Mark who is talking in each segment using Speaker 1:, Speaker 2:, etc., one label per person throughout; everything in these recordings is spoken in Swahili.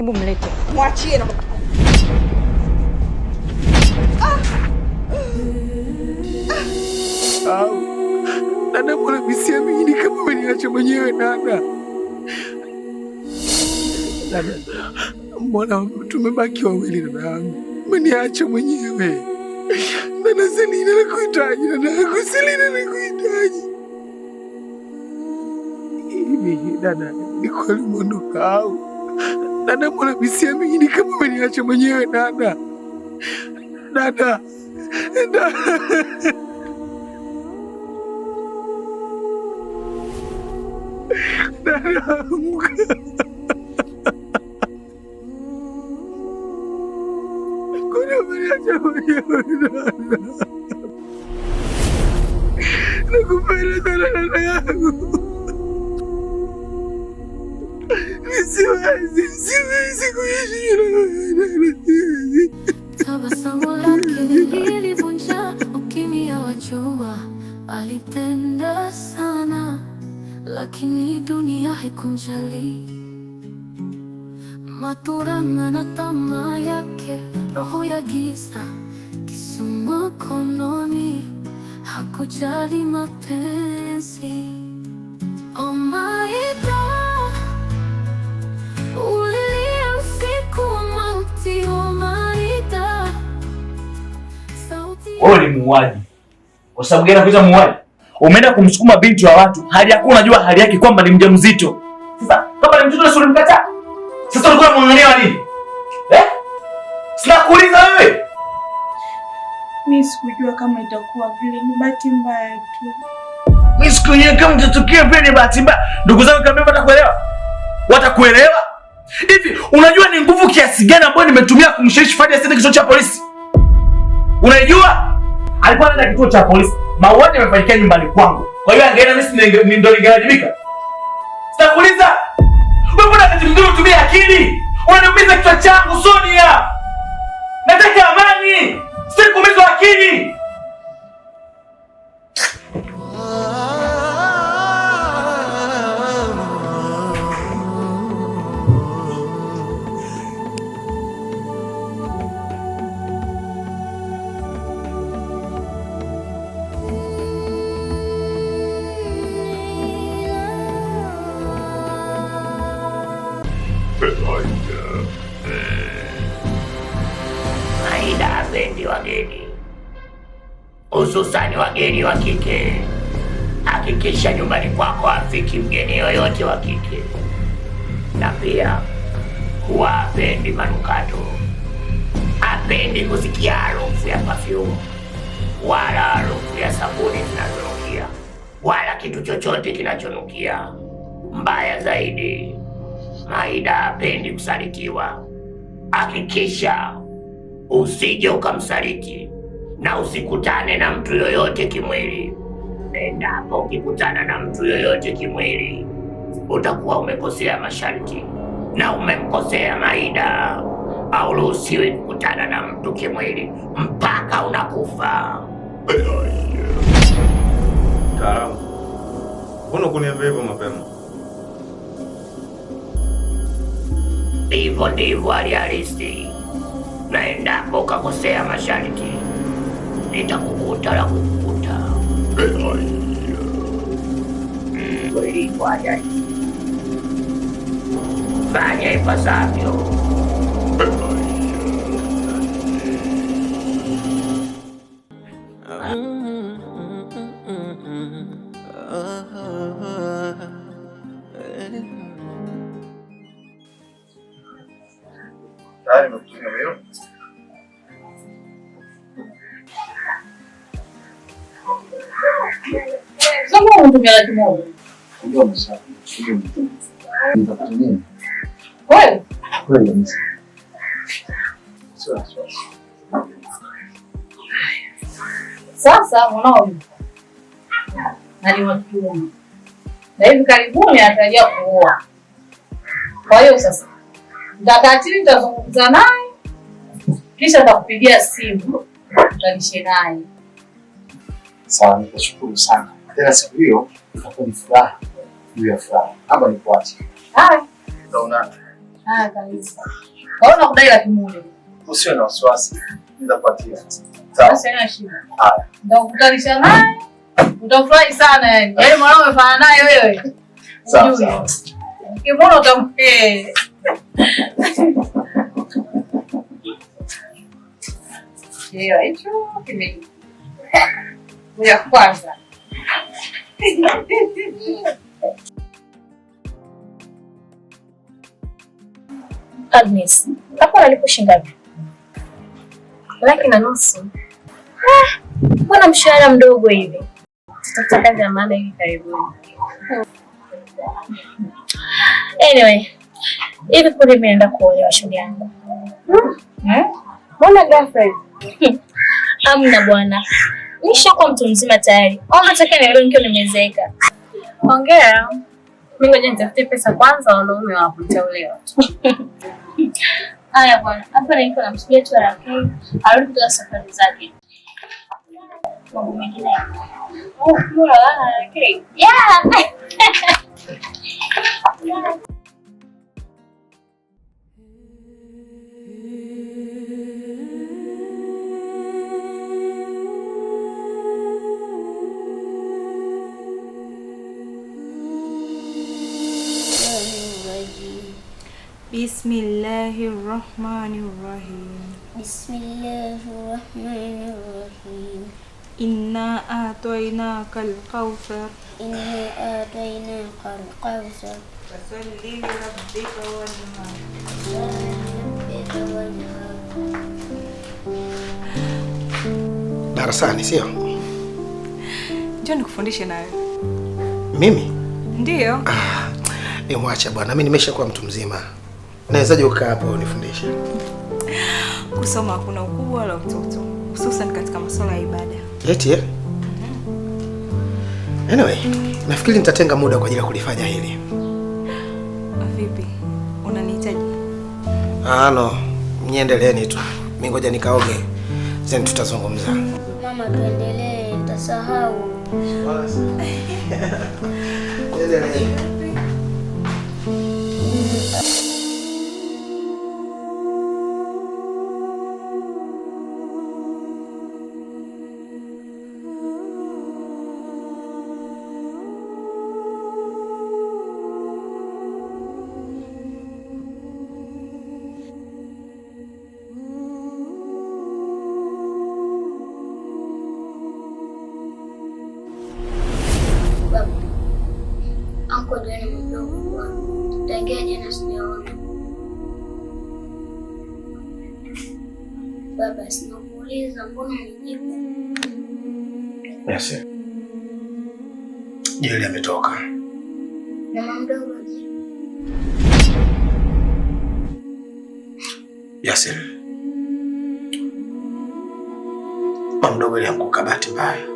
Speaker 1: Hebu mlete. Mwachie na dada, ah!
Speaker 2: ah! mbona misiamini kama umeniacha mwenyewe Nana. Nana, mbona tumebaki wawili dada yangu, umeniacha mwenyewe dada. Selina nakuhitaji dada yangu, Selina kuitaji. hivi dada, ni kweli umeondoka au Nana mula bisian begini kamu kembali lah macam mana Nana. Nana. Nana. Nana. Nana. Muka. Kau nak beri macam mana Nana. Aku pernah tolong anak aku. Ini semua Aziz. siwezi kuishi. Tabasamu lake lilivunja ukimya wa jua. Alipenda sana lakini dunia haikumjali. Maturana na tamaa yake, roho ya
Speaker 3: giza, kisu mkononi, hakujali mapenzi muuaji. Kwa sababu gani anakuita muuaji? Umeenda kumsukuma binti wa watu hali yako unajua hali yake kwamba ni mjamzito. Sasa kama ni mtoto sio mkata. Sasa ulikuwa unamwangalia wa nini? Eh? Sina kuuliza wewe.
Speaker 4: Mimi sikujua kama itakuwa vile ni bahati mbaya tu.
Speaker 3: Mimi sikujua kama itatokea vile ni bahati mbaya. Ndugu zangu kama watakuelewa. Watakuelewa? Hivi unajua ni nguvu kiasi gani ambayo nimetumia kumshawishi Fadi asiende kituo cha polisi? Unaijua? alikuwa anaenda kituo cha polisi. Mauaji yamefanyikia nyumbani kwangu, kwa hiyo angeenda, mimi ndo ningewajibika. Sitakuuliza wewe, mbona kati mzuri utumia akili? Unaniumiza kichwa changu Sonia, nataka amani, sikumizwa akili
Speaker 5: ni wageni wa kike. Hakikisha nyumbani kwako hafiki mgeni yoyote wa kike, na pia huwa apendi manukato, apendi kusikia harufu ya pafyumu wala harufu ya sabuni zinazonukia wala kitu chochote kinachonukia. Mbaya zaidi, Maida apendi kusalitiwa. Hakikisha usije ukamsaliti na usikutane na mtu yoyote kimwili. Endapo ukikutana na mtu yoyote kimwili, utakuwa umekosea masharti na umemkosea Maida. Hauruhusiwi kukutana na mtu kimwili mpaka unakufa.
Speaker 6: mbona kuniambia hivyo mapema?
Speaker 5: Hivyo ndivyo hali halisi, na endapo ukakosea masharti nitakukuta na kukukuta kulikwajai fanya ipasavyo
Speaker 1: kutumia laki moja sasa mwanao naliwakiuma na hivi karibuni anatarajia kuoa. Kwa hiyo sasa nitakaa chini, nitazungumza naye, kisha nitakupigia simu, tutalishe naye.
Speaker 6: Sawa, nikushukuru sana tena siku hiyo itakuwa ni furaha juu ya furaha. Hapa ni kuacha usiwe na wasiwasi, nitakupatia
Speaker 1: nitakutanisha naye, utafurahi sana yani. Yaani mwanao umefanya naye wewe.
Speaker 6: Sawa sawa.
Speaker 1: Kimona utam hicho kwanza
Speaker 7: Agnes, hapo unalipa shilingi Laki na nusu. Mbona mshahara mdogo hivi? Tutafuta kazi ya maana hivi karibuni. Anyway, hivi kule nimeenda kuolewa shoga yangu.
Speaker 1: Hmm? Hmm? Mbona ghafla hivi?
Speaker 7: Amna bwana nishakuwa mtu mzima tayari, au nataka nielewe nikiwa nimezeeka.
Speaker 1: Ongea. Mimi ngoja nitafute pesa kwanza, wanaume wapo nitaolewa.
Speaker 7: Haya bwana, hapa niko namsubiri tu rafiki arudi kutoka safari zake. Mambo mengine.
Speaker 1: Oh, bora ana kile.
Speaker 7: Yeah.
Speaker 8: Bismillahi rahmani rahim.
Speaker 9: Bismillahi rahmani rahim.
Speaker 8: Inna atainaka alkawthar.
Speaker 9: Inna atainaka alkawthar. Fasalli li rabbika wanhar.
Speaker 10: Darasani sio?
Speaker 8: Njoo nikufundishe nawe. Mimi? Ndiyo. Ah,
Speaker 10: nimwacha bwana, mimi nimeshakuwa mtu mzima. Nawezaje ukaa hapa unifundishe?
Speaker 8: Kusoma hakuna ukubwa wala utoto, hususan katika masuala ya ibada.
Speaker 10: Eti eh? Mm-hmm. Anyway, nafikiri nitatenga muda kwa ajili ya kulifanya hili.
Speaker 8: Ah, vipi? Unanihitaji?
Speaker 10: Ah, no. Niendeleeni tu. Mimi ngoja nikaoge. Then tutazungumza.
Speaker 9: Mama, tuendelee, tutasahau.
Speaker 10: Endelee. basi Jeli ametoka.
Speaker 11: Mama mdogo
Speaker 10: Yasin, mama alianguka bahati mbaya,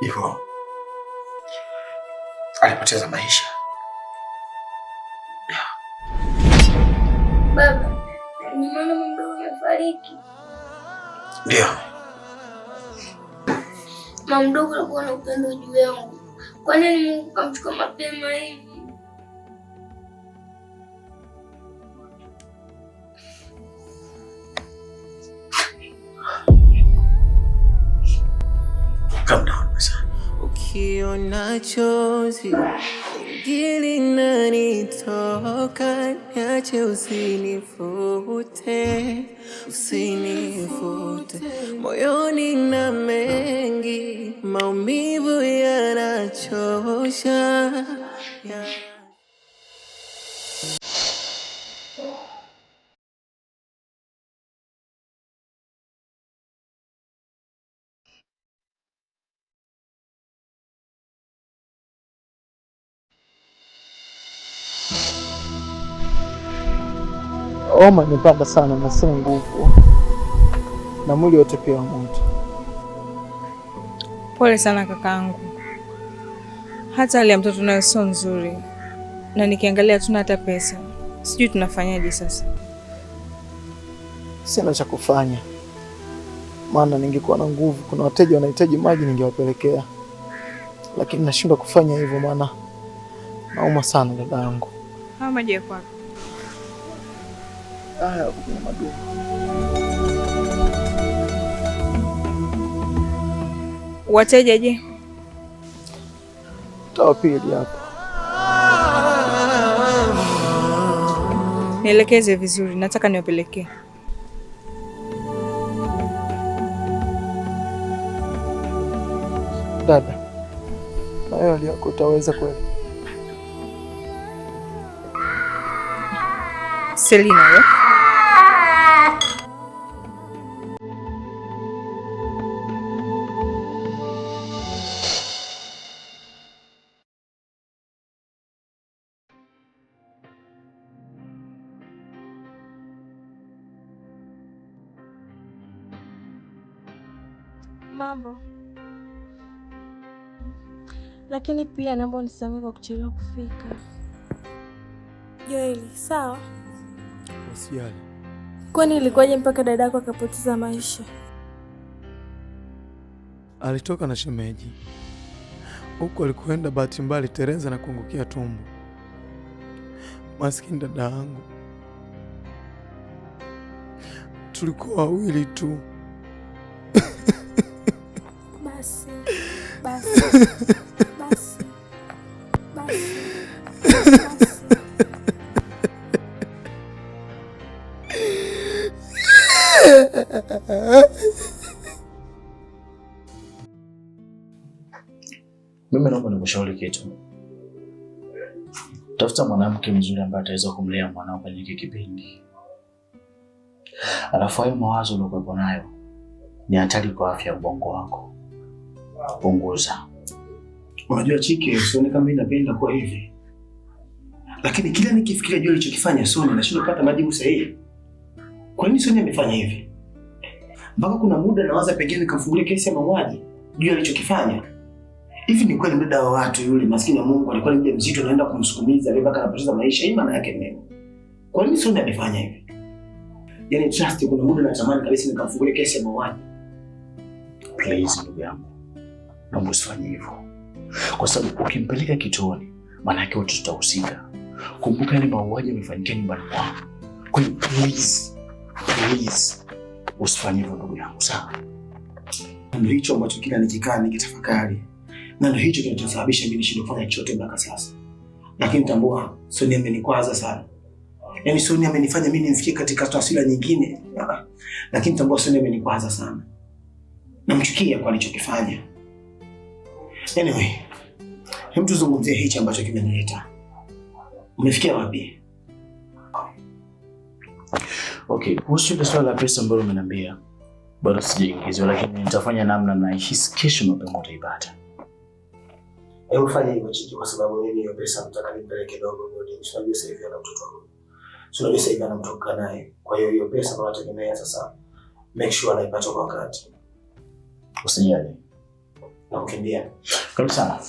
Speaker 10: hivyo alipoteza maisha. Ndio.
Speaker 11: Mama mdogo alikuwa na upendo juu yangu. Kwa nini Mungu kamchukua mapema hivi?
Speaker 10: Ukiona chozi Hili nanitoka, niache, usinifute, usinifute. Moyoni na mengi, maumivu yanachosha.
Speaker 12: Homa ni sana na si nguvu, na mwili wote pia wa moto.
Speaker 8: Pole sana kakaangu, hata hali ya mtoto nayo sio nzuri, na nikiangalia tuna hata pesa, sijui tunafanyaje sasa.
Speaker 12: Sina cha kufanya, maana ningekuwa na nguvu, kuna wateja wanahitaji maji ningewapelekea, lakini nashindwa kufanya hivyo, maana nauma sana dada yangu. Haya maji yako haya kwenye madumu.
Speaker 8: Wateja je?
Speaker 12: Tawapili hapa.
Speaker 8: Nielekeze vizuri, nataka niwapelekee.
Speaker 12: Dada, nayo hali yako utaweza kweli?
Speaker 8: Selina, we eh? Mambo. Lakini pia naomba unisamehe kwa kuchelewa kufika. Joeli, sawa? Usijali. Kwani ilikuwaje mpaka dadako akapoteza maisha?
Speaker 12: Alitoka na shemeji huko alikuenda bahati mbaya na kuangukia tumbo. Maskini dada yangu, tulikuwa wawili tu
Speaker 13: Mimi naomba nikushauri kitu. Tafuta mwanamke mzuri ambaye ataweza kumlea mwanao kwenye hiki kipindi, alafu hayo mawazo uliokuwepo nayo ni hatari kwa afya ya ubongo wako, punguza. Unajua Chike, sioni kama inapenda kuwa hivi, lakini kila nikifikiria juu alichokifanya Soni nashindwa kupata majibu sahihi. Kwa nini Soni amefanya hivi? Mpaka kuna muda nawaza pengine nikamfungulia kesi ya mauaji juu alichokifanya. Hivi ni kweli mdada wa watu yule maskini wa Mungu alikuwa ni mzito, naenda kumsukumiza leo mpaka anapoteza maisha? Hii maana yake nini? Kwa nini Soni amefanya hivi? Yaani trust, kuna muda natamani kabisa nikamfungulia kesi ya mauaji. Please ndugu yangu, naomba usifanye hivyo kwa sababu ukimpeleka kituoni, yake wote tutahusika. Kumbuka yale mauaji yamefanyika nyumbani kwao. Kwa hiyo please, please usifanye hivyo ndugu yangu, sawa? Ndio hicho ambacho kila nikikaa nikitafakari, na ndio hicho kinachosababisha mimi nishindwe kufanya chochote mpaka sasa. Lakini tambua, Sonia amenikwaza sana. Yaani Sonia amenifanya mimi nifikie katika taswira nyingine. Lakini tambua Sonia amenikwaza sana. Namchukia kwa alichokifanya. Anyway, hem tuzungumzie hichi ambacho kimenileta. Umefikia wapi? Okay, kuhusu ile swala la pesa ambayo umeniambia bado sijaingizwa, lakini nitafanya namna na hisi kesho mapema utaipata.
Speaker 14: Hebu fanya hivyo Chiki, kwa sababu mimi hiyo pesa nataka nipeleke kidogo bodi. Unajua sasa hivi ana mtoto wangu. Unajua sasa hivi ana mtoto kana naye. Kwa hiyo hiyo pesa nategemea sasa make sure anaipata kwa wakati. Usijali na kutembea.
Speaker 13: Karibu sana.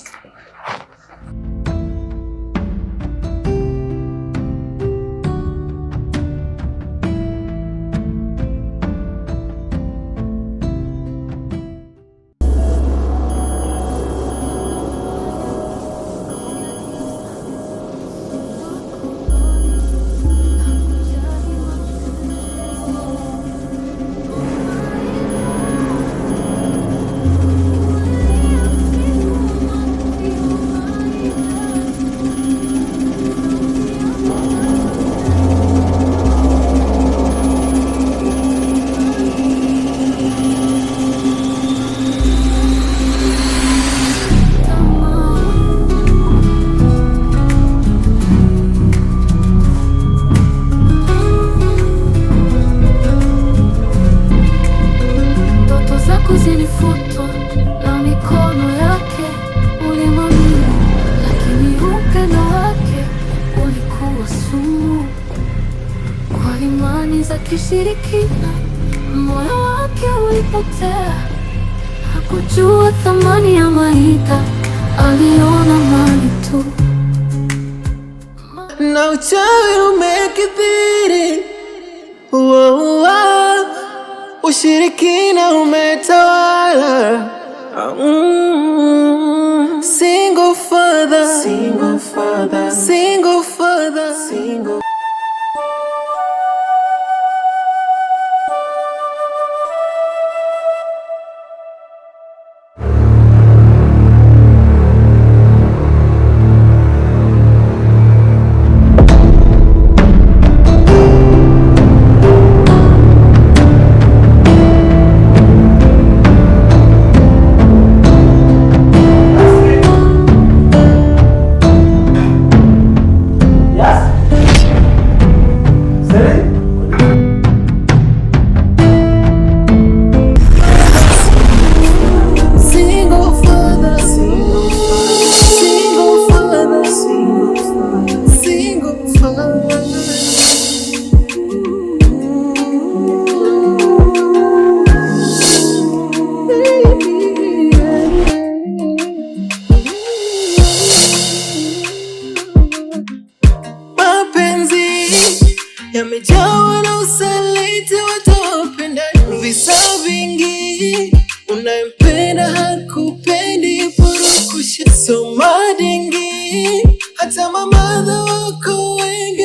Speaker 15: na uchawi umekithiri, wow, ushirikina umetawala, mm. single father, single father, single father, single